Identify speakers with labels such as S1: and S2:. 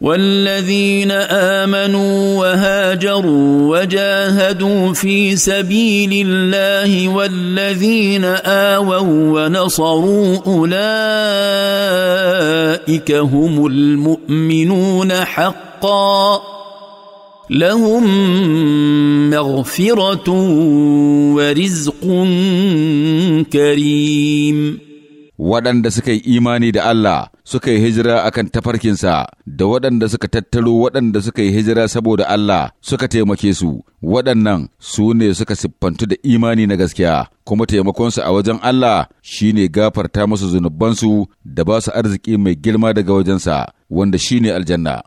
S1: والذين امنوا وهاجروا وجاهدوا في سبيل الله والذين اووا ونصروا اولئك هم المؤمنون حقا لهم مغفره ورزق كريم
S2: waɗanda suka yi imani da Allah suka yi hijira akan tafarkinsa da waɗanda suka tattaro waɗanda suka yi hijira saboda Allah suka taimake su waɗannan su ne suka siffantu da imani na gaskiya kuma taimakonsu a wajen Allah shi shine gafarta musu zunubansu da ba su arziki mai girma daga wajensa wanda shi ne
S3: aljanna